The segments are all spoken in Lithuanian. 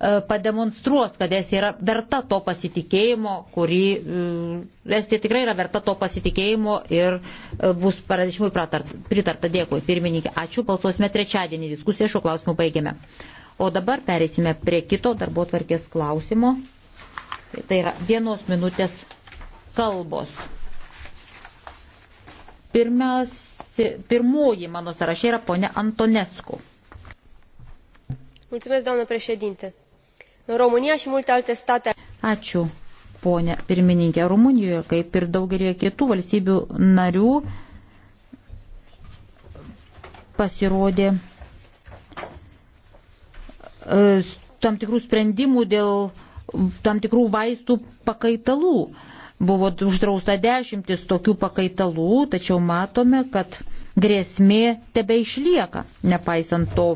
E, pademonstruos, kad Estija yra verta to pasitikėjimo, kuri e, Estija tikrai yra verta to pasitikėjimo ir e, bus paradėšimui pritarta. Dėkui, pirmininkė. Ačiū, balsuosime trečiadienį. Diskusiją šiuo klausimu baigėme. O dabar pereisime prie kito darbo tvarkės klausimo. Tai yra vienos minutės kalbos. Pirmiausia, pirmoji mano sąraše yra ponia Antonesku. Mulțumesc, doamnă președinte Rumunija și multe alte state. Ačiū, ponė pirmininkė. Rumunijoje, kaip ir daugelioje kitų valstybių narių, pasirodė e, tam tikrų sprendimų dėl tam tikrų vaistų pakaitalų. Buvo uždrausta dešimtis tokių pakaitalų, tačiau matome, kad grėsmė tebe išlieka, nepaisant to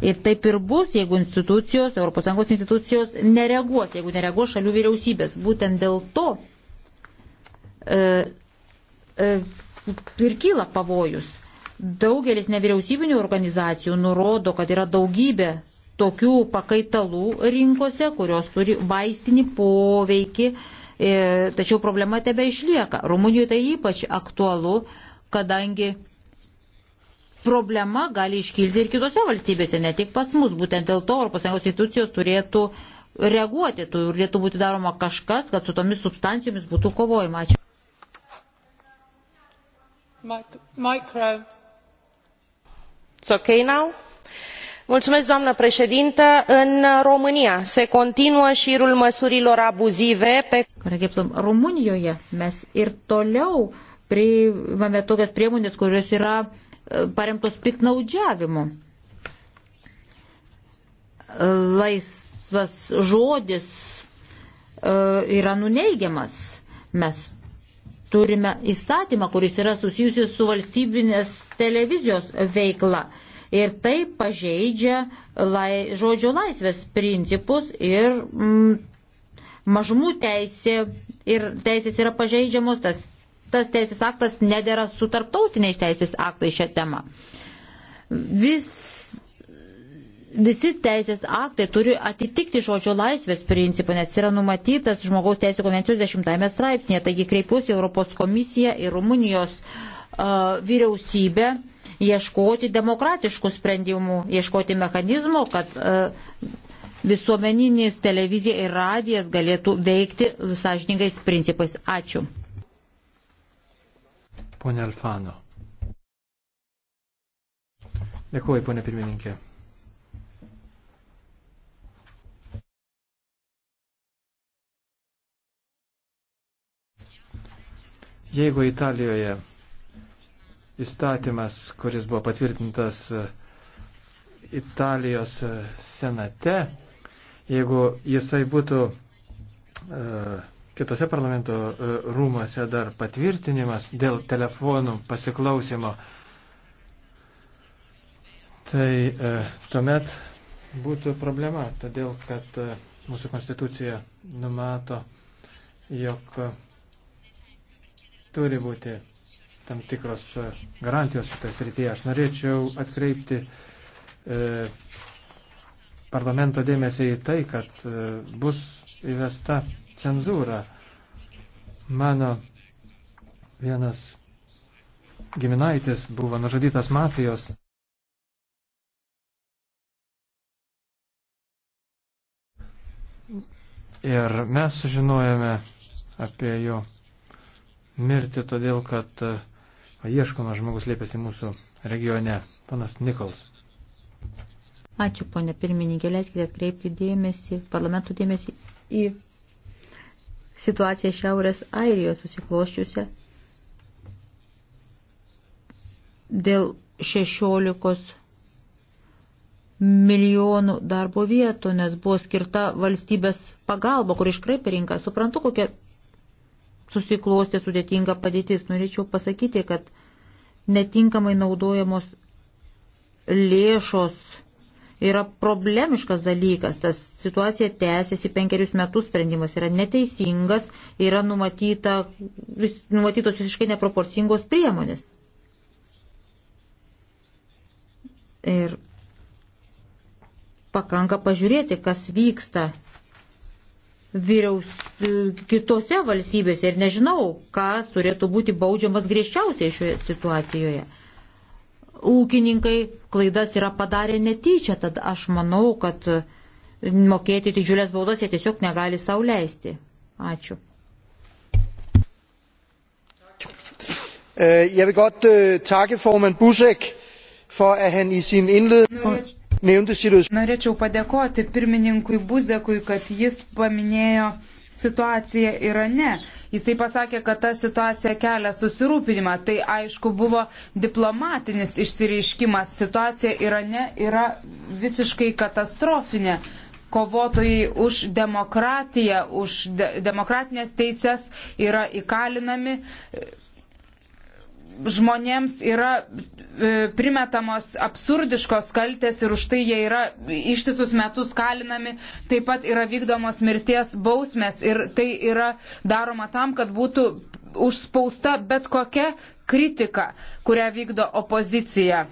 Ir taip ir bus, jeigu institucijos, ES institucijos nereaguos, jeigu nereaguos šalių vyriausybės. Būtent dėl to e, e, ir kyla pavojus. Daugelis nevyriausybinių organizacijų nurodo, kad yra daugybė tokių pakaitalų rinkose, kurios turi vaistinį poveikį, e, tačiau problema tebe išlieka. Rumunijoje tai ypač aktualu, kadangi problema gali iškilti ir kitose valstybėse, ne tik pas mus. Būtent dėl to ES institucijos turėtų reaguoti, turėtų būti daroma kažkas, kad su tomis substancijomis būtų kovojama. Ačiū. Micro. It's okay now? în românia se continuă irul măsurilor abuzive pe rumunijoje mes ir toliau priimame tokias priemones kurios yra paremtos piknaudžiavimu. Laisvas žodis e, yra nuneigiamas. Mes turime įstatymą, kuris yra susijusi su valstybinės televizijos veikla. Ir tai pažeidžia lai, žodžio laisvės principus ir mm, mažumų teisė ir teisės yra pažeidžiamos, tas tas teisės aktas nedėra su tarptautiniais teisės aktais šią temą. Vis, visi teisės aktai turi atitikti žodžio laisvės principą, nes yra numatytas žmogaus teisų konvencijos 10 straipsnėje. Taigi kreipiuosi Europos komisiją ir Rumunijos uh, vyriausybę ieškoti demokratiškų sprendimų, ieškoti mechanizmo, kad uh, visuomeninis televizija ir radijas galėtų veikti sąžiningais principais. Ačiū. Pone Alfano. Dėkuoju, ponė pirmininkė. Jeigu Italijoje įstatymas, kuris buvo patvirtintas e, Italijos e, senate, jeigu jisai būtų uh, kitose parlamento e, rūmose dar patvirtinimas dėl telefonų pasiklausimo, tai e, tuomet būtų problema, todėl kad e, mūsų konstitucija numato, jog e, turi būti tam tikros e, garantijos šitoje srityje. Aš norėčiau atkreipti e, parlamento dėmesį į tai, kad e, bus įvesta cenzūrą. Mano vienas giminaitis buvo nužudytas mafijos. Ir mes sužinojame apie jo mirtį, todėl kad e, ieškomas žmogus lėpėsi mūsų regione, panas Nikols. Ačiū, ponė pirmininkė, leiskite atkreipti dėmesį, parlamentų dėmesį į situaciją Šiaurės Airijoje susikloščiusią dėl 16 milijonų darbo vietų, nes buvo skirta valstybės pagalba, kur iškraipė rinką. Suprantu, kokia susiklostė sudėtinga padėtis. Norėčiau pasakyti, kad netinkamai naudojamos lėšos yra problemiškas dalykas. Tas situacija tęsiasi penkerius metus, sprendimas yra neteisingas, yra numatyta, vis, numatytos visiškai neproporcingos priemonės. Ir pakanka pažiūrėti, kas vyksta vyriaus kitose valstybėse ir nežinau, kas turėtų būti baudžiamas griežčiausiai šioje situacijoje ūkininkai klaidas yra padarę netyčia, tad aš manau, kad mokėti didžiulės baudas jie tiesiog negali sauliaisti. Ačiū. Eh, jeg vil godt eh, takke formand Busek for, at han i sin indledning nævnte situationen. Norėčiau padėkoti pirmininkui Buzekui, kad jis paminėjo situacija Irane. Jisai pasakė, kad ta situacija kelia susirūpinimą. Tai aišku buvo diplomatinis išsireiškimas. Situacija Irane yra visiškai katastrofinė. Kovotojai už demokratiją, už de demokratinės teises yra įkalinami. E, žmonėms yra e, primetamos absurdiškos kaltės ir už tai jie yra ištisus metus kalinami, taip pat yra vykdomos mirties bausmės ir tai yra daroma tam, kad būtų užspausta bet kokia kritika, kurią vykdo opozicija.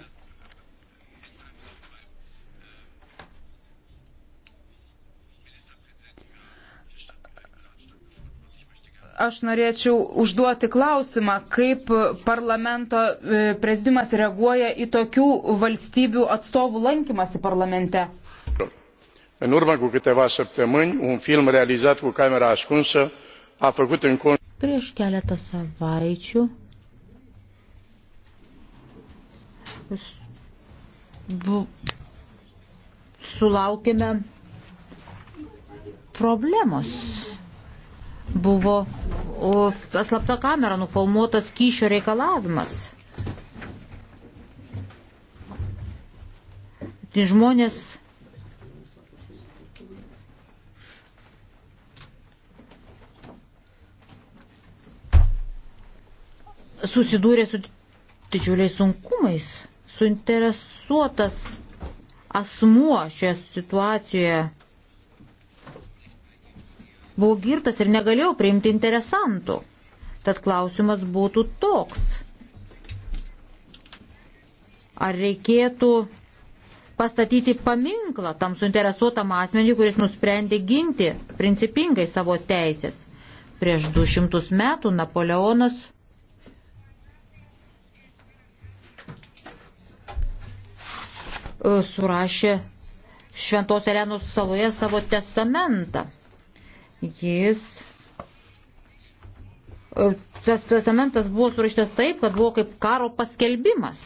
aš norėčiau užduoti klausimą, kaip parlamento e, prezidiumas reaguoja į tokių valstybių atstovų lankymasi parlamente. În urmă cu câteva săptămâni, un film realizat cu camera ascunsă a făcut în cont. Prieš keletą savaičių bu, sulaukėme problemos buvo slapta kamera nufilmuotas kyšio reikalavimas. Tai žmonės susidūrė su didžiuliais sunkumais. Suinteresuotas asmuo šioje situacijoje buvau girtas ir negalėjau priimti interesantų. Tad klausimas būtų toks. Ar reikėtų pastatyti paminklą tam suinteresuotam asmeniui, kuris nusprendė ginti principingai savo teisės. Prieš du šimtus metų Napoleonas e, surašė Šventos Elenos saloje savo testamentą jis. E, tas testamentas buvo surašytas taip, kad buvo kaip karo paskelbimas.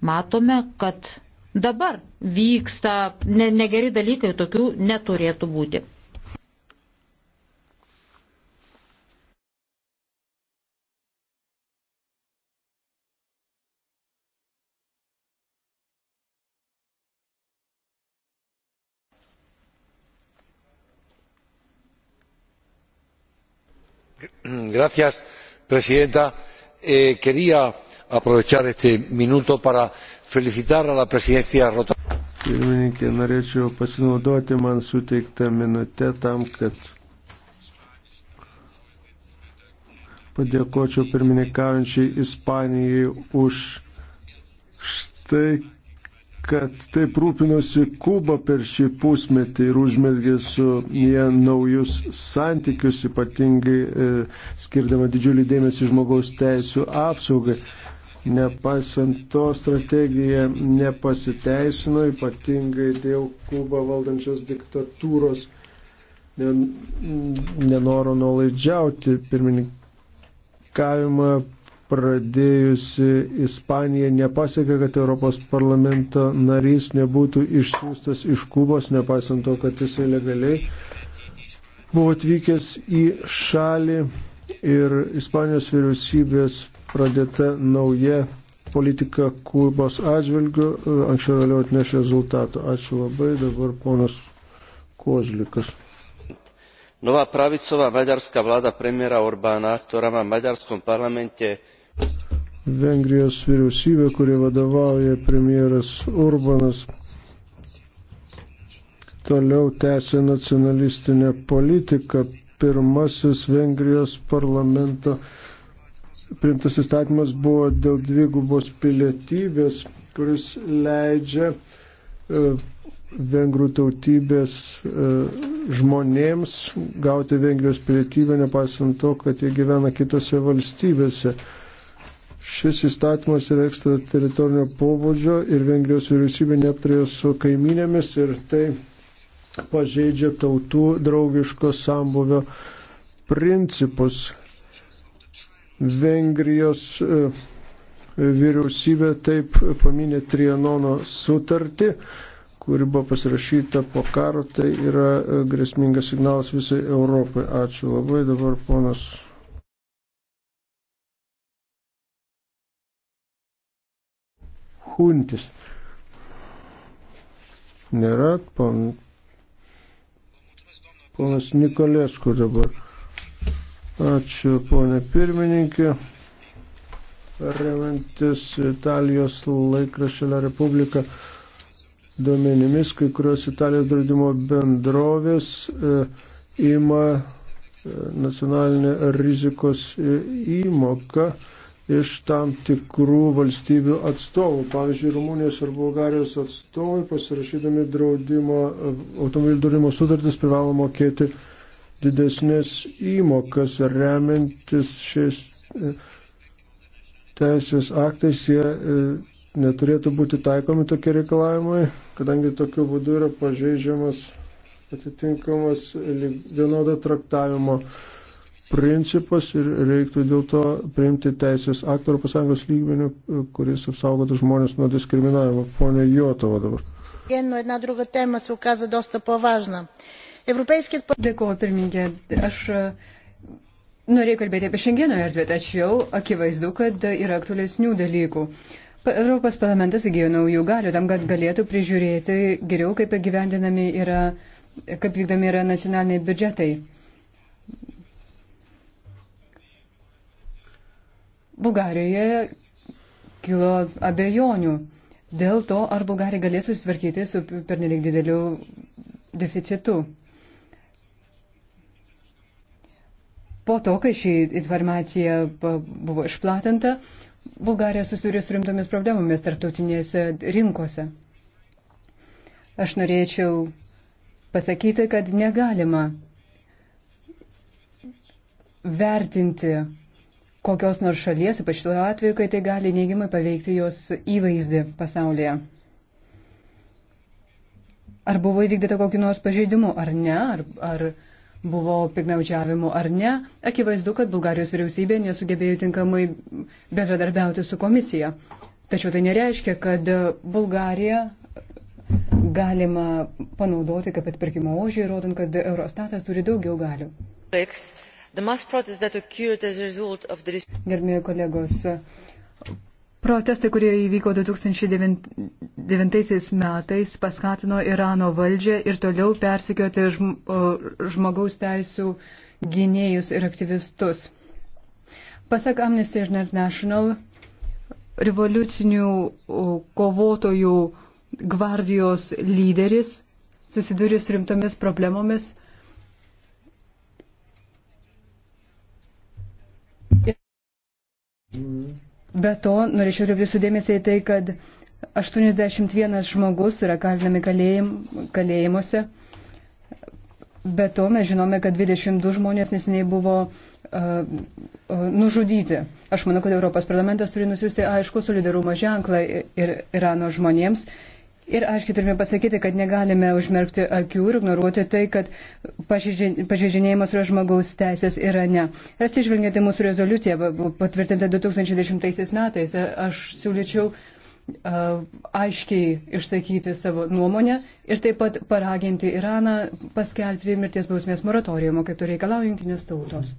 Matome, kad dabar vyksta negeri dalykai, tokių neturėtų būti. señora presidenta eh, quería aprovechar este minuto para felicitar a la presidencia rotariana pirmininke norėčiau pasinaudoti man suteiktą minutę tam kad padėkočiau pirmininkaujančiai ispanijai už štai kad taip rūpinosi Kuba per šį pusmetį ir užmergė su jie naujus santykius, ypatingai e, skirdama didžiulį dėmesį žmogaus teisų apsaugai. Nepaisant to, strategija nepasiteisino, ypatingai dėl Kuba valdančios diktatūros nenoro nuolaidžiauti pirmininkavimą pradėjusi Ispanija nepasiekė, kad Europos parlamento narys nebūtų išsiųstas iš Kubos, nepaisant to, kad jisai legaliai buvo atvykęs į šalį ir Ispanijos vyriausybės pradėta nauja politika Kubos atžvilgių, e, anksčiau vėliau atneš rezultatų. Ačiū labai, dabar ponas Kozlikas nová pravicová maďarská vláda premiéra orbána ktorá má v maďarskom parlamente Vengrijos vyriausybė, kurie vadovauja premjeras Urbanas, toliau tęsia nacionalistinę politiką. Pirmasis Vengrijos parlamento priimtas įstatymas buvo dėl dvigubos pilietybės, kuris leidžia e, vengrų tautybės e, žmonėms gauti vengrijos pilietybę, nepaisant to, kad jie gyvena kitose valstybėse. Šis įstatymas yra ekstrateritorinio pobūdžio ir vengrijos vyriausybė neaptarėjo su kaiminėmis ir tai pažeidžia tautų draugiško sambuvio principus. Vengrijos e, vyriausybė taip paminė Trianono sutartį kuri buvo pasirašyta po karo, tai yra e, grėsmingas signalas visai Europai. Ačiū labai, dabar ponas. Huntis. Nėra, pon... ponas Nikolėsku dabar. Ačiū, ponė pirmininkė. Remiantis Italijos laikraščio La Republika duomenimis kai kurios Italijos draudimo bendrovės e, ima e, nacionalinę rizikos e, įmoką iš tam tikrų valstybių atstovų. Pavyzdžiui, Rumunijos ir Bulgarijos atstovai pasirašydami draudimo, automobilių draudimo sudartis privalo mokėti didesnės įmokas remiantis šiais teisės aktais jie neturėtų būti taikomi tokie reikalavimai, kadangi tokiu būdu yra pažeidžiamas atitinkamas vienodo traktavimo principas ir reiktų dėl to priimti teisės aktą Europos Sąjungos lygmenių, kuris apsaugotų žmonės nuo diskriminavimo. Pone Jotova dabar. Dėkuoju, pirmininkė. Aš e, norėjau kalbėti apie šengeno erdvę, tačiau akivaizdu, kad yra aktualesnių dalykų. Uh, Europos parlamentas įgyjo naujų galių tam, kad galėtų prižiūrėti geriau, kaip gyvendinami yra, kaip vykdami yra nacionaliniai biudžetai. Bulgarijoje kilo abejonių dėl to, ar Bulgarija galės susitvarkyti su pernelik dideliu deficitu. Po to, kai ši informacija buvo išplatinta, Bulgarija susiduria su rimtomis problemomis tarptautinėse rinkose. Aš norėčiau pasakyti, kad negalima vertinti kokios nors šalies, ypač tuo atveju, kai tai gali neigiamai paveikti jos įvaizdį pasaulyje. Ar buvo įvykdyta kokiu nors pažeidimu, ar ne, ar, ar buvo piknaudžiavimo ar ne, akivaizdu, kad Bulgarijos vyriausybė nesugebėjo tinkamai bendradarbiauti su komisija. Tačiau tai nereiškia, kad Bulgariją galima panaudoti kaip atpirkimo ožį, rodant, kad Eurostatas turi daugiau galių. Gerbėjai kolegos, Protestai, kurie įvyko 2009 metais, paskatino Irano valdžią ir toliau persikioti žmogaus teisų gynėjus ir aktyvistus. Pasak Amnesty International, revoliucinių kovotojų gvardijos lyderis susidūrė su rimtomis problemomis Mm. Be to, norėčiau atkreipti sudėmėsi į tai, kad 81 žmogus yra kalinami kalėjim, kalėjimuose. Be to, mes žinome, kad 22 žmonės nesiniai buvo nužudyti. Aš manau, kad Europos parlamentas turi nusiųsti aišku solidarumo ženklą ir Irano žmonėms Ir aiškiai turime pasakyti, kad negalime užmerkti akių ir ignoruoti tai, kad pažeidžinėjimas yra žmogaus teisės Irane. Ir atsižvelgiant į mūsų rezoliuciją patvirtintą 2010 metais, e, aš siūlyčiau uh, aiškiai išsakyti savo nuomonę ir taip pat paraginti Iraną paskelbti mirties bausmės moratoriumo, kaip to reikalauja jungtinės tautos.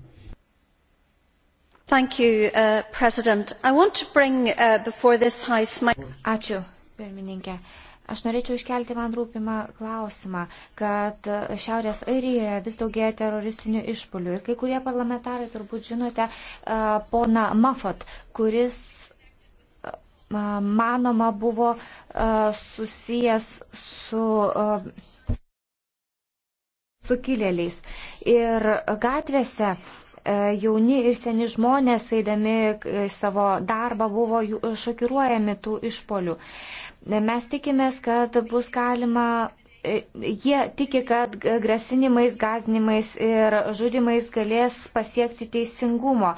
Thank you, uh, President. I want to bring uh, before this House my. Ačiū, pirmininkė. Uh, Aš norėčiau iškelti man rūpimą klausimą, kad Šiaurės Airijoje vis daugėja teroristinių išpolių ir kai kurie parlamentarai turbūt žinote e, pona Mafot, kuris e, manoma buvo e, susijęs su sukilėliais. Ir gatvėse jauni ir seni žmonės, eidami savo darbą, buvo šokiruojami tų išpolių. Mes tikimės, kad bus galima e, jie tiki, kad grasinimais, gazdinimais ir žudimais galės pasiekti teisingumo.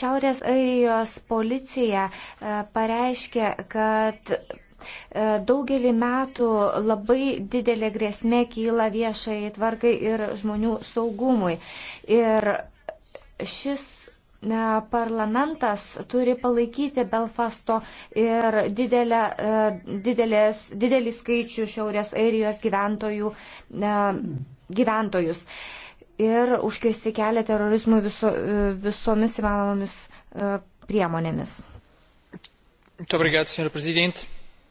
Šiaurės Airijos policija e, pareiškė, kad e, daugelį metų labai didelė grėsmė kyla viešai tvarkai ir žmonių saugumui. Ir šis E, parlamentas turi palaikyti Belfasto ir didelę, e, didelės, didelį skaičių Šiaurės Airijos gyventojų, e, gyventojus ir užkirsti kelią terorizmui viso, visomis įmanomomis priemonėmis. Obrigado, Sr. Presidente.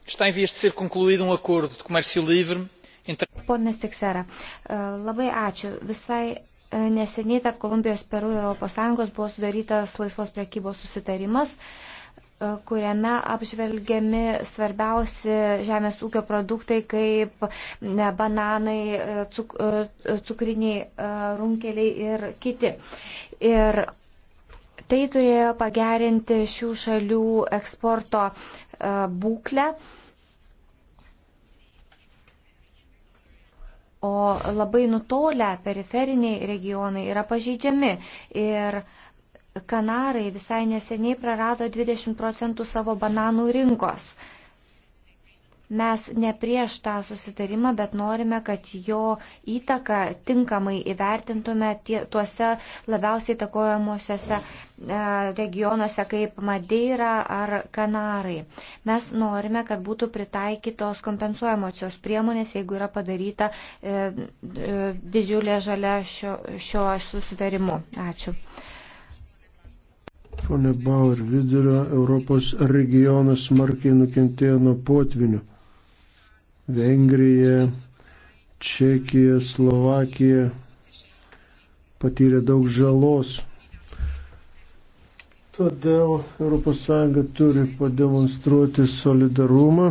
Está em vias de ser concluído um acordo de comércio livre entre. Pone Stiksera, labai ačiū. Visai neseniai tarp Kolumbijos, Peru ir ES buvo sudarytas laisvos prekybos susitarimas e, kuriame apžvelgiami svarbiausi žemės ūkio produktai kaip ne, bananai, e, cuk, e, cukriniai runkeliai ir kiti. Ir tai turėjo pagerinti šių šalių eksporto būklę o labai nutolę periferiniai regionai yra pažeidžiami. Ir Kanarai visai neseniai prarado 20 procentų savo bananų rinkos. Mes ne prieš tą susitarimą, bet norime, kad jo įtaką tinkamai įvertintume tie, tuose labiausiai takojamuosiuose e, regionuose kaip Madeira ar Kanarai. Mes norime, kad būtų pritaikytos kompensuojamosios priemonės, jeigu yra padaryta e, e, didžiulė žalia šio, šio susitarimu. Ačiū. Fone Bauer vidurio Europos regionas smarkiai nukentėjo nuo potvinių. Vengrija, Čekija, Slovakija patyrė daug žalos. Todėl ES turi pademonstruoti solidarumą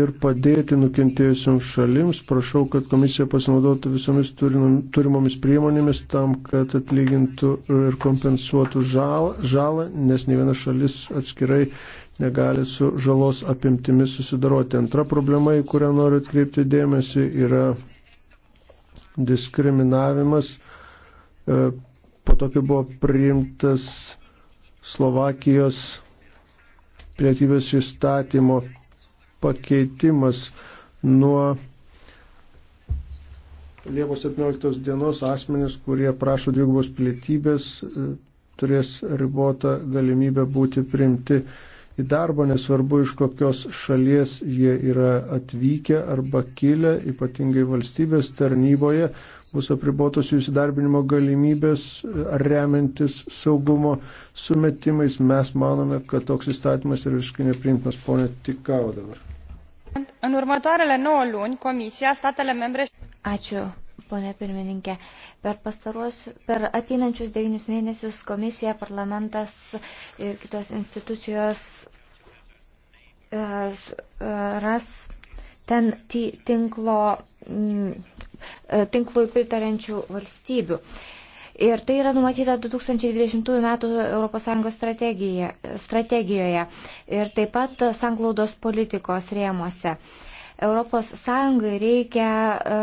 ir padėti nukentėjusiams šalims. Prašau, kad komisija pasinaudotų visomis turimomis priemonėmis tam, kad atlygintų ir kompensuotų žalą, žalą nes ne viena šalis atskirai negali su žalos apimtimis susidaroti. Antra problema, į kurią noriu atkreipti dėmesį, yra diskriminavimas. E, po to, kai buvo priimtas Slovakijos pilietybės įstatymo pakeitimas nuo Liepos 17 dienos asmenys, kurie prašo dvigubos pilietybės, e, turės ribotą galimybę būti priimti į darbą, nesvarbu iš kokios šalies jie yra atvykę arba kilę, ypatingai valstybės tarnyboje, bus apribotos jų įsidarbinimo galimybės ar remiantis saugumo sumetimais. Mes manome, kad toks įstatymas yra visiškai neprimtinas, ponė Tikau dabar. Ačiū, ponė pirmininkė. Per, per ateinančius devynius mėnesius komisija, parlamentas ir kitos institucijos e, e, ras ten tinklo, e, tinklui pritarančių valstybių. Ir tai yra numatyta 2020 m. ES strategijoje ir taip pat sanglaudos politikos rėmuose. ES reikia e,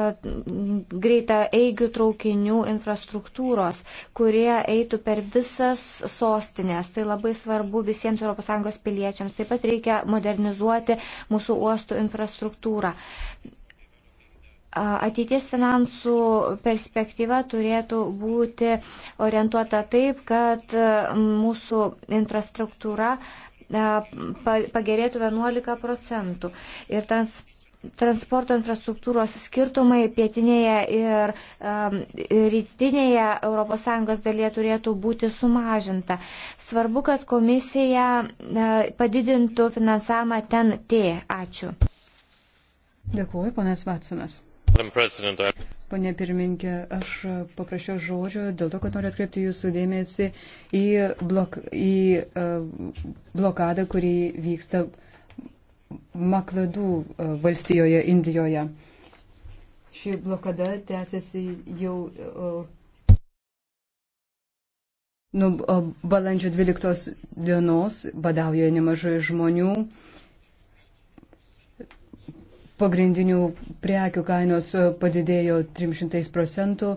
greitą eigių traukinių infrastruktūros, kurie eitų per visas sostinės. Tai labai svarbu visiems ES piliečiams. Taip pat reikia modernizuoti mūsų uostų infrastruktūrą. Ateities finansų perspektyva turėtų būti orientuota taip, kad e, mūsų infrastruktūra e, pagerėtų 11 procentų. Ir tas transporto infrastruktūros skirtumai pietinėje ir um, rytinėje ES dalyje turėtų būti sumažinta. Svarbu, kad komisija uh, padidintų finansavimą ten T. Ačiū. Dėkuoju, ponas Vatsumas. Pone pirmininkė, aš paprašiau žodžio dėl to, kad noriu atkreipti jūsų dėmesį į, blok, į uh, blokadą, kuri vyksta uh, Makladų e, valstijoje Indijoje. Ši blokada tęsiasi jau e, nuo balandžio 12 dienos, badauja nemažai žmonių. Pagrindinių prekių kainos e, padidėjo 300 procentų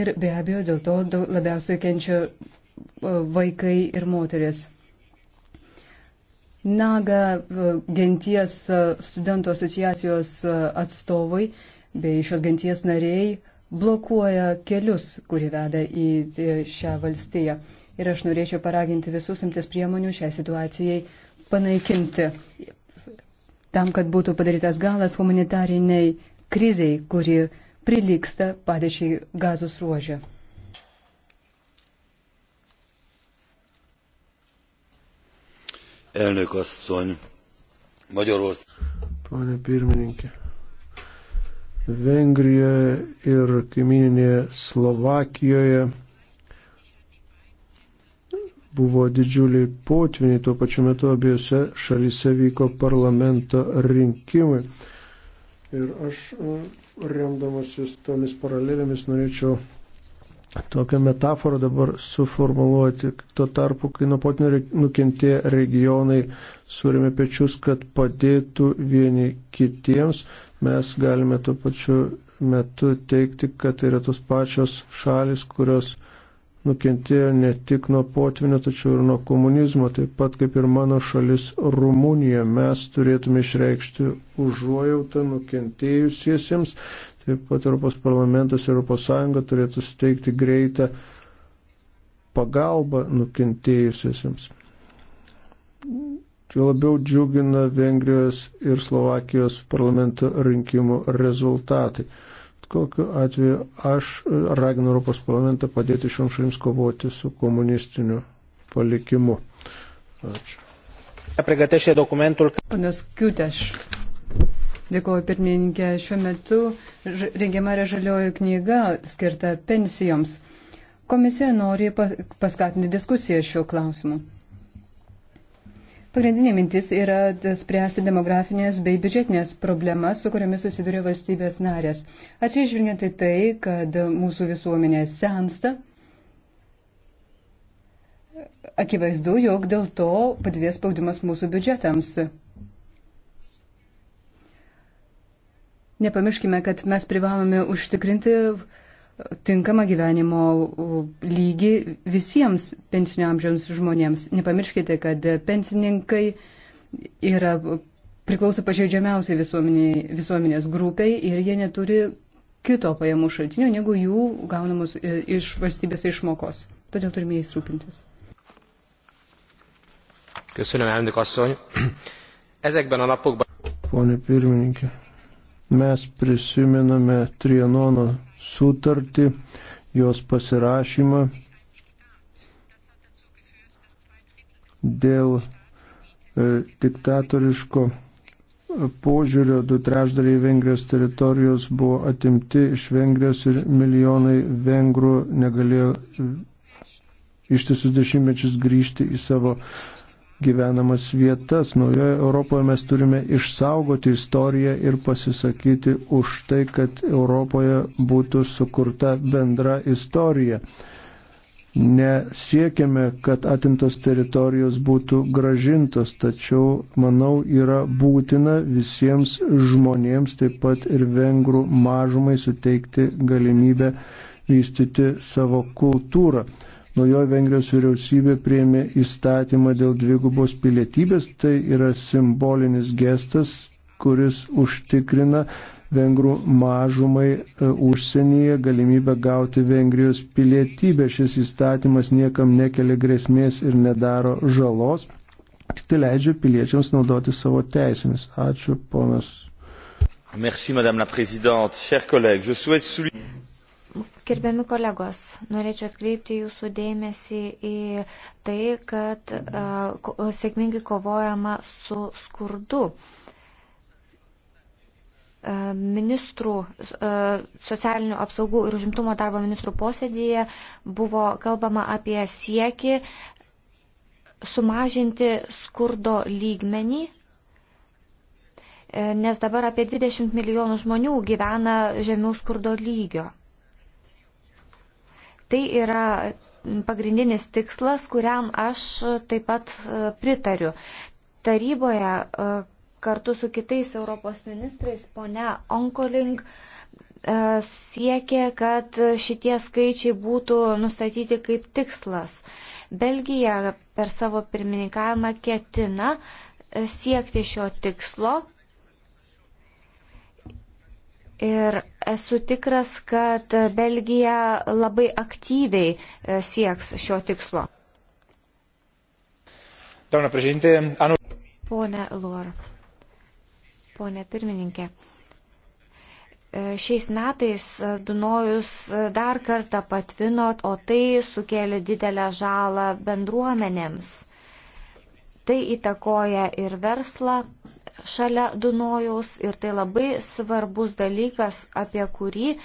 ir be abejo dėl to labiausiai kenčia vaikai ir moteris. Naga e, genties e, studentų asociacijos e, atstovai bei šios genties nariai blokuoja kelius, kurie veda į šią valstiją. Ir aš norėčiau paraginti visus imtis priemonių šiai situacijai panaikinti, tam, kad būtų padarytas galas humanitariniai kriziai, kuri prilyksta padėčiai gazos ruožė. Elnök asszony, Magyarország. Pane pirmininkė. Vengrijoje ir kaimininėje Slovakijoje buvo didžiuliai potviniai, tuo pačiu metu abiejose šalyse vyko parlamento rinkimai. Ir aš remdamasis tomis paralelėmis norėčiau tokią metaforą dabar suformuluoti. Tuo tarpu, kai nuo potinio nukentėję regionai surėmė pečius, kad padėtų vieni kitiems, mes galime tuo pačiu metu teikti, kad tai yra tos pačios šalis, kurios nukentėjo ne tik nuo potvinio, tačiau ir nuo komunizmo, taip pat kaip ir mano šalis Rumunija. Mes turėtume išreikšti užuojautą nukentėjusiesiems, Taip pat Europos parlamentas ir Europos Sąjunga turėtų steigti greitą pagalbą nukentėjusiesiems. Tai labiau džiugina Vengrijos ir Slovakijos parlamento rinkimų rezultatai. Kokiu atveju aš raginu Europos parlamentą padėti šioms šalims kovoti su komunistiniu palikimu. Ačiū. Pregătește documentul. Până schiuteș. Dėkuoju, pirmininkė. Šiuo metu rengiama yra žalioji knyga skirta pensijoms. Komisija nori paskatinti diskusiją šiuo klausimu. Pagrindinė mintis yra spręsti demografinės bei biudžetinės problemas, su kuriamis susiduria valstybės narės. Atsižvelgiant į tai, kad mūsų visuomenė sensta, akivaizdu, jog dėl to padidės spaudimas mūsų biudžetams. Nepamirškime, kad mes privalome užtikrinti tinkamą gyvenimo lygį visiems pensinio amžiaus žmonėms. Nepamirškite, kad pensininkai yra, priklauso pažeidžiamiausiai visuomenė, visuomenės grupiai ir jie neturi kito pajamų šaltinio, negu jų gaunamos e, iš valstybės išmokos. Todėl turime jais rūpintis. Köszönöm, elnök asszony. Ezekben a napokban... Pone pirmininkė, mes prisiminame Trianono sutartį, jos pasirašymą dėl e, diktatoriško požiūrio du trešdaliai Vengrijos teritorijos buvo atimti iš Vengrijos ir milijonai vengrų negalėjo e, ištisus dešimtmečius grįžti į savo gyvenamas vietas. Naujoje Europoje mes turime išsaugoti istoriją ir pasisakyti už tai, kad Europoje būtų sukurta bendra istorija. Nesiekime, kad atimtos teritorijos būtų gražintos, tačiau, manau, yra būtina visiems žmonėms, taip pat ir vengrų mažumai, suteikti galimybę vystyti savo kultūrą naujoji Vengrijos vyriausybė prieimė įstatymą dėl dvigubos pilietybės, tai yra simbolinis gestas, kuris užtikrina vengrų mažumai e, užsienyje galimybę gauti Vengrijos pilietybę. Šis įstatymas niekam nekelia grėsmės ir nedaro žalos, tik tai leidžia piliečiams naudoti savo teisėmis. Ačiū, ponas. Merci, madame la présidente. Chers collègues, je souhaite souligner. Gerbiami kolegos, norėčiau atkreipti jūsų dėmesį į tai, kad uh, sėkmingai kovojama su skurdu. Uh, ministrų, uh, socialinių apsaugų ir užimtumo darbo ministrų posėdėje buvo kalbama apie sieki sumažinti skurdo lygmenį e, nes dabar apie 20 milijonų žmonių gyvena žemiau skurdo lygio. Tai yra pagrindinis tikslas, kuriam aš taip pat e, pritariu. Taryboje e, kartu su kitais Europos ministrais ponia Onkoling e, siekė, kad šitie skaičiai būtų nustatyti kaip tikslas. Belgija per savo pirmininkavimą ketina siekti šio tikslo Ir esu tikras, kad Belgija labai aktyviai e, sieks šio tikslo. Pone Lor, pone pirmininkė, e, šiais metais e, Dunojus dar kartą patvinot, o tai sukėlė didelę žalą bendruomenėms. Tai įtakoja ir verslą šalia Dunojaus ir tai labai svarbus dalykas, apie kurį e,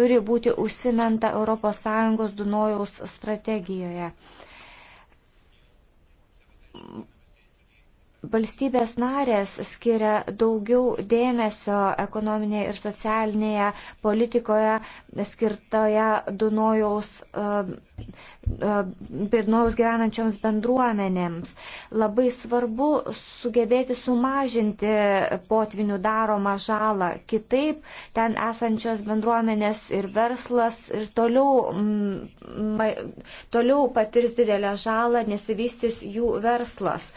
turi būti užsimenta ES Dunojaus strategijoje. Valstybės narės skiria daugiau dėmesio ekonominėje ir socialinėje politikoje skirtoje Dunojaus, um, um, Dunojaus gyvenančioms bendruomenėms. Labai svarbu sugebėti sumažinti potvinių daromą žalą. Kitaip ten esančios bendruomenės ir verslas ir toliau, m, mm, toliau patirs didelę žalą, nesivystys jų verslas.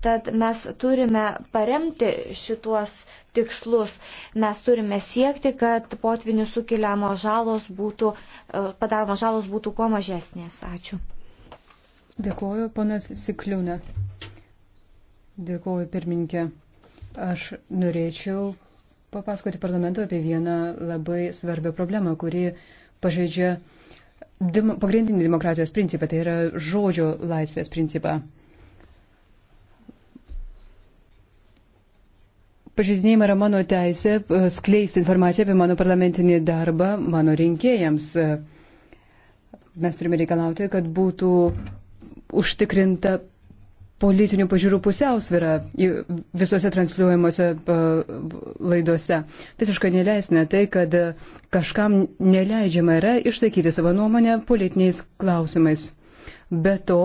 Tad mes turime paremti šituos tikslus, mes turime siekti, kad potvinių sukeliamos žalos būtų, e, padaromos žalos būtų kuo mažesnės. Ačiū. Dėkuoju, ponas Sikliūne. Dėkuoju, pirmininkė. Aš norėčiau papasakoti parlamentui apie vieną labai svarbią problemą, kuri pažeidžia dem pagrindinį demokratijos principą, tai yra žodžio laisvės principą. pažeidinėjama yra mano teisė e, skleisti informaciją apie mano parlamentinį darbą mano rinkėjams. E, mes turime reikalauti, kad būtų užtikrinta politinių pažiūrų pusiausvyrą visuose transliuojamuose e, laiduose. Visiškai neleisina tai, kad kažkam neleidžiama yra išsakyti savo nuomonę politiniais klausimais. Be to,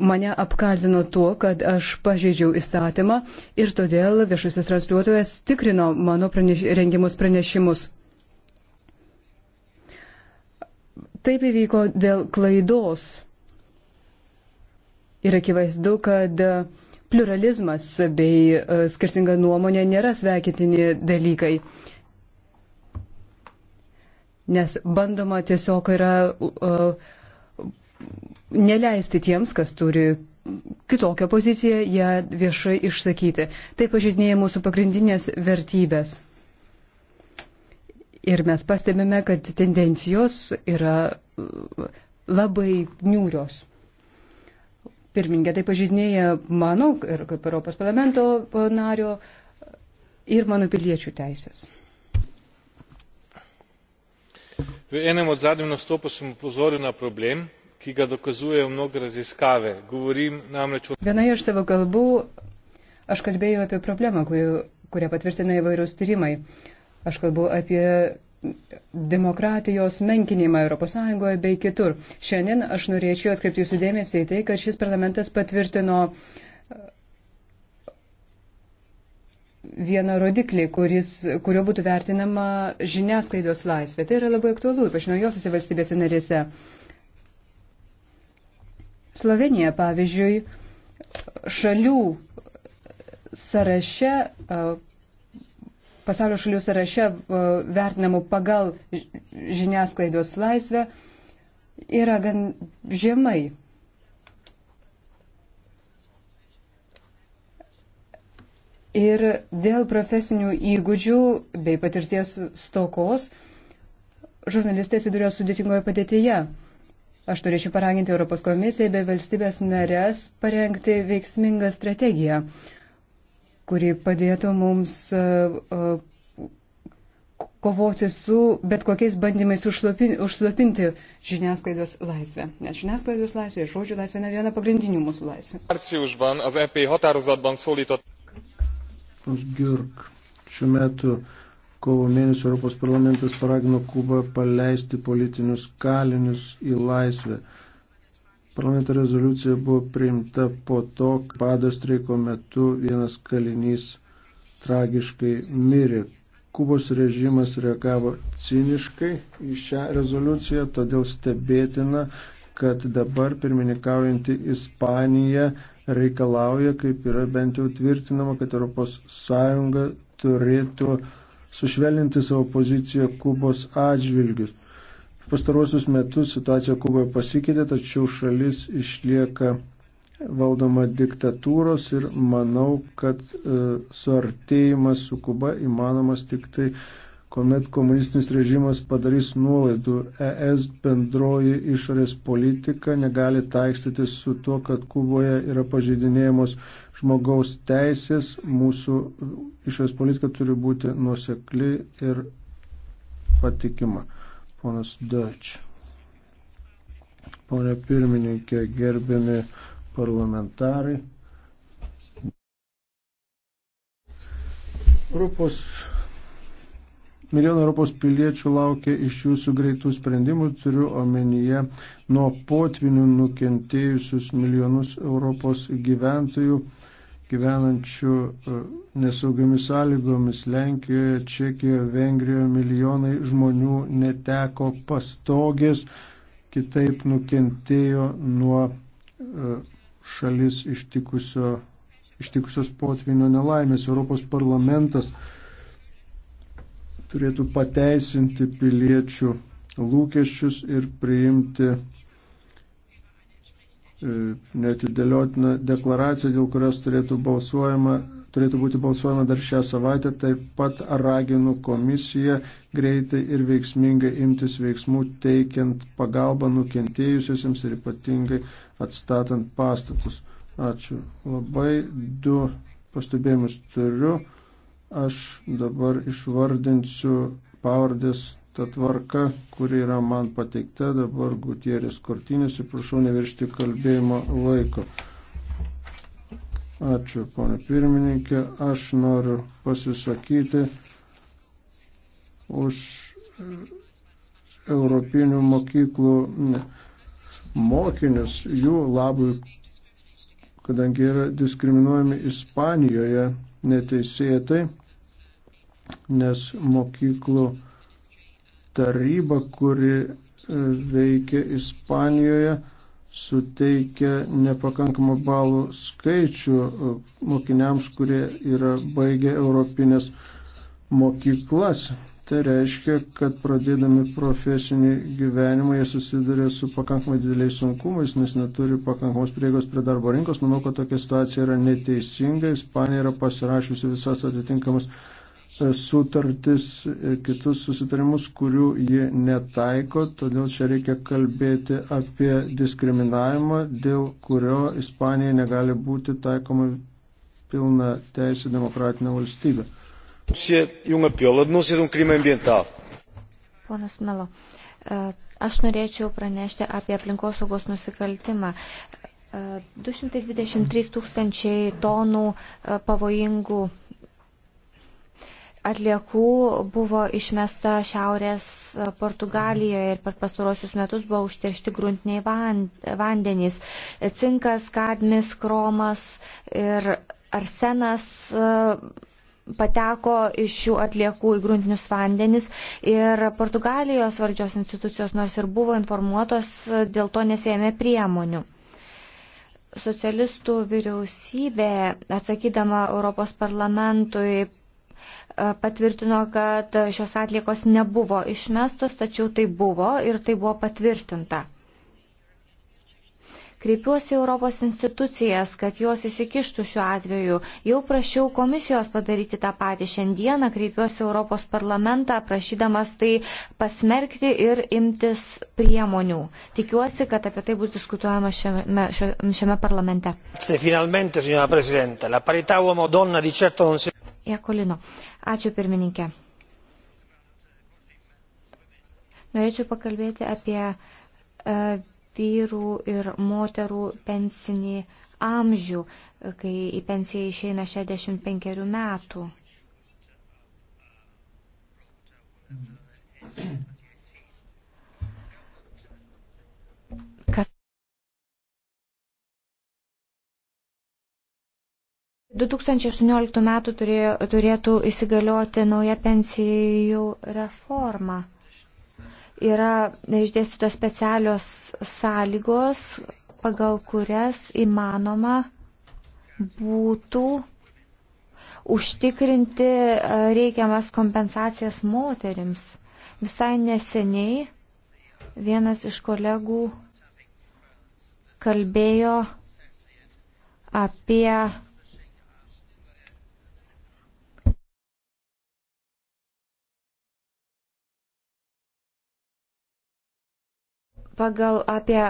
mane apkaltino tuo, kad aš pažeidžiau įstatymą ir todėl viešasis transliuotojas tikrino mano praneš rengimus pranešimus. Taip įvyko dėl klaidos. Ir akivaizdu, kad pluralizmas bei e, skirtinga nuomonė nėra sveikitini dalykai. Nes bandoma tiesiog yra uh, neleisti tiems, kas turi kitokią poziciją, ją viešai išsakyti. Tai pažydinėja mūsų pagrindinės vertybės. Ir mes pastebime, kad tendencijos yra labai niūrios. Pirmingė tai pažydinėja mano ir kaip Europos parlamento nario ir mano piliečių teisės. V enem od zadnjih nastopov sem upozoril na problem, ki ga dokazujejo mnoge raziskave. Govorim namreč o. Vienoje iš savo kalbų aš kalbėjau apie problemą, kurią, kurią patvirtina įvairūs tyrimai. Aš kalbu apie demokratijos menkinimą ES bei kitur. Šiandien aš norėčiau atkreipti jūsų dėmesį į tai, kad šis parlamentas patvirtino uh, vieną rodiklį, kuris, kurio būtų vertinama žiniasklaidos laisvė. Tai yra labai aktualu, ypač naujosiuose valstybėse narėse. Slovenija, pavyzdžiui, šalių sąraše, pasaulio šalių sąraše vertinamų pagal žiniasklaidos laisvę yra gan žemai. Ir dėl profesinių įgūdžių bei patirties stokos žurnalistai atsidūrė sudėtingoje padėtyje. Aš norėčiau paraginti Europos komisiją bei valstybės narės parengti veiksmingą strategiją, kuri padėtų mums e, e, kovoti su bet kokiais bandymais užslopinti žiniasklaidos laisvę. Nes žiniasklaidos laisvė ir žodžių laisvė yra viena pagrindinių mūsų laisvių. E Gyrk, šiuo metu Kovo mėnesį Europos parlamentas paragino Kubą paleisti politinius kalinius į laisvę. Parlamento rezoliucija buvo priimta po to, kai pado streiko metu vienas kalinys tragiškai mirė. Kubos režimas reagavo ciniškai į šią rezoliuciją, todėl stebėtina, kad dabar pirmininkaujanti Ispanija reikalauja, kaip yra bent jau tvirtinama, kad ES turėtų sušvelninti savo poziciją Kubos atžvilgius. Pastaruosius metus situacija Kuboje pasikeitė, tačiau šalis išlieka valdoma diktatūros ir manau, kad e, suartėjimas su Kuba įmanomas tik tai, kuomet komunistinis režimas padarys nuolaidų. ES bendroji išorės politika negali taikstytis su tuo, kad Kuboje yra pažeidinėjamos žmogaus teisės, mūsų išorės politika turi būti nuosekli ir patikima. Ponas Dač. Pone pirmininkė, gerbiami parlamentarai. Europos, milijonų Europos piliečių laukia iš jūsų greitų sprendimų, turiu omenyje nuo potvinių nukentėjusius milijonus Europos gyventojų gyvenančių e, nesaugiamis sąlygomis Lenkijoje, Čekijoje, Vengrijoje milijonai žmonių neteko pastogės, kitaip nukentėjo nuo e, šalis ištikusio, ištikusios potvinio nelaimės. Europos parlamentas turėtų pateisinti piliečių lūkesčius ir priimti E, netidėliotina deklaracija, dėl kurios turėtų, balsuojama, turėtų būti balsuojama dar šią savaitę. Taip pat raginu komisiją greitai ir veiksmingai imtis veiksmų, teikiant pagalbą nukentėjusiesiems ir ypatingai atstatant pastatus. Ačiū. Labai du pastebėjimus turiu. Aš dabar išvardinsiu pavardės ta tvarka, kuri yra man pateikta, dabar Gutierės Kortinės ir prašau neviršti kalbėjimo laiko. Ačiū, ponė pirmininkė. Aš noriu pasisakyti už e, europinių mokyklų mokinius, jų labui, kadangi yra diskriminuojami Ispanijoje neteisėtai, nes mokyklų taryba, kuri e, veikia Ispanijoje, suteikia nepakankamą balų skaičių e, mokiniams, kurie yra baigę Europinės mokyklas. Tai reiškia, kad pradėdami profesinį gyvenimą jie susiduria su pakankamai dideliais sunkumais, nes neturi pakankamos prieigos prie darbo rinkos. Manau, kad tokia situacija yra neteisinga. Ispanija yra pasirašiusi visas atitinkamas sutartis ir kitus susitarimus, kurių jie netaiko, todėl čia reikia kalbėti apie diskriminavimą, dėl kurio Ispanija negali būti taikoma pilna teisė demokratinė valstybė. Nu, Ponas Melo, e, aš norėčiau pranešti apie aplinkosaugos nusikaltimą. 223 e, tūkstančiai tonų e, pavojingų atliekų buvo išmesta Šiaurės e, Portugalijoje ir per pastarosius metus buvo užteršti gruntiniai vandenys. Cinkas, kadmis, kromas ir arsenas e, pateko iš šių atliekų į gruntinius vandenis ir Portugalijos valdžios institucijos nors ir buvo informuotos, e, dėl to nesėmė priemonių socialistų vyriausybė, atsakydama Europos parlamentui E, patvirtino, kad šios atliekos nebuvo išmestos, tačiau tai buvo ir tai buvo patvirtinta. Kreipiuosi Europos institucijas, kad jos įsikištų šiuo atveju. Jau prašiau komisijos padaryti tą patį. Šiandieną kreipiuosi Europos parlamentą, prašydamas tai pasmerkti ir imtis priemonių. Tikiuosi, kad apie tai bus diskutuojama šiame, šiame parlamente. Jekolino. Ačiū pirmininkė. Norėčiau pakalbėti apie e, vyrų ir moterų pensinį amžių, kai į pensiją išeina 65 metų. Kad 2018 metų turėjo, turėtų įsigalioti nauja pensijų reforma yra išdėstytos specialios sąlygos, pagal kurias įmanoma būtų užtikrinti e, reikiamas kompensacijas moterims. Visai neseniai vienas iš kolegų kalbėjo apie pagal apie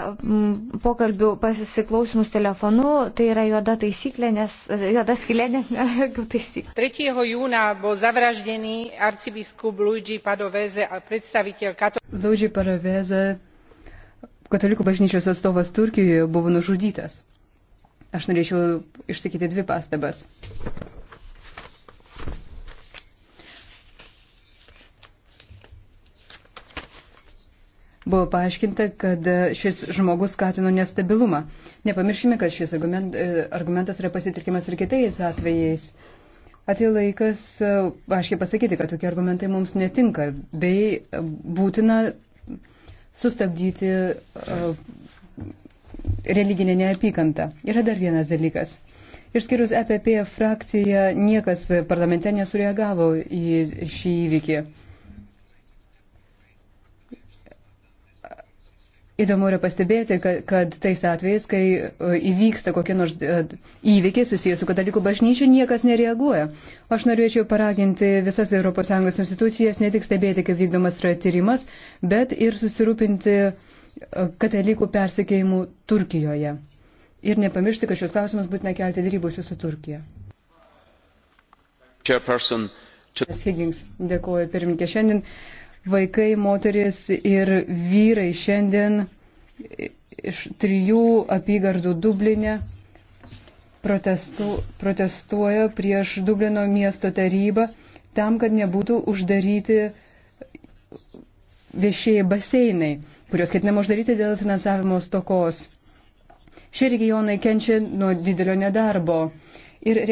pokalbių pasiklausimus telefonu, tai yra juoda taisyklė, nes juoda skylė, nes nėra jokių taisyklių. 3. júna buvo zavraždeni arcibiskup Luigi Padoveze, predstaviteľ katolikų. Luigi Padoveze, katalikų bažnyčios atstovas Turkijoje, buvo nužudytas. Aš norėčiau išsakyti dvi pastabas. Buvo paaiškinta, kad šis žmogus skatino nestabilumą. Nepamirškime, kad šis argument, e, argumentas yra pasitirkimas ir kitais atvejais. Atėjo laikas e, aiškiai pasakyti, kad tokie argumentai mums netinka, bei e, būtina sustabdyti uh, religinę neapykantą. Yra dar vienas dalykas. Išskyrus EPP frakciją, niekas parlamente nesureagavo į šį įvykį. Įdomu yra pastebėti, kad, kad tais atvejais, kai e, įvyksta kokie nors e, įvykiai susijęs su katalikų bažnyčia, niekas nereaguoja. Aš norėčiau paraginti visas ES institucijas ne tik stebėti, kaip vykdomas yra tyrimas, bet ir susirūpinti e, katalikų persikėjimų Turkijoje. Ir nepamiršti, kad šios klausimas būtina kelti dėrybose su Turkija. Higgins, dėkuoju pirmininkė šiandien. Vaikai, moteris ir vyrai šiandien iš trijų apygardų Dublinė protestu, protestuoja prieš Dublino miesto tarybą tam, kad nebūtų uždaryti viešieji baseinai, kuriuos ketinama uždaryti dėl finansavimo stokos. Šie regionai kenčia nuo didelio nedarbo ir e,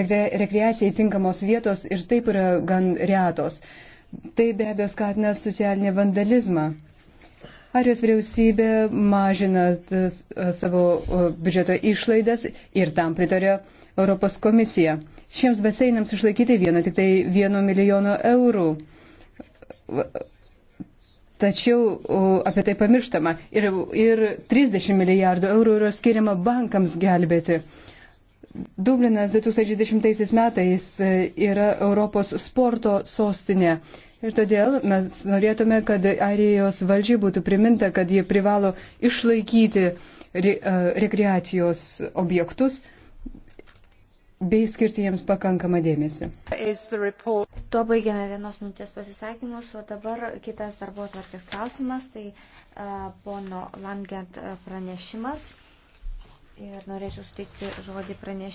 rekre, rekreacijai tinkamos vietos ir taip yra gan retos. Tai be abejo skatina socialinį vandalizmą. Arijos vyriausybė mažina e, savo biudžeto išlaidas ir tam pritarė Europos komisija. Šiems baseinams išlaikyti vieną tik tai vieno milijono eurų Tačiau apie tai pamirštama. Ir, ir 30 milijardų eurų yra skiriama bankams gelbėti. Dublinas 2010 metais e, yra Europos sporto sostinė. Ir todėl mes norėtume, kad Airijos valdžiai būtų priminta, kad jie privalo išlaikyti e, rekreacijos objektus bei skirti jiems pakankamą dėmesį. Tuo baigiame vienos minutės pasisakymus, o dabar kitas darbo atvarkės klausimas, tai uh, pono Langent pranešimas. Ir norėčiau suteikti žodį pranešimą.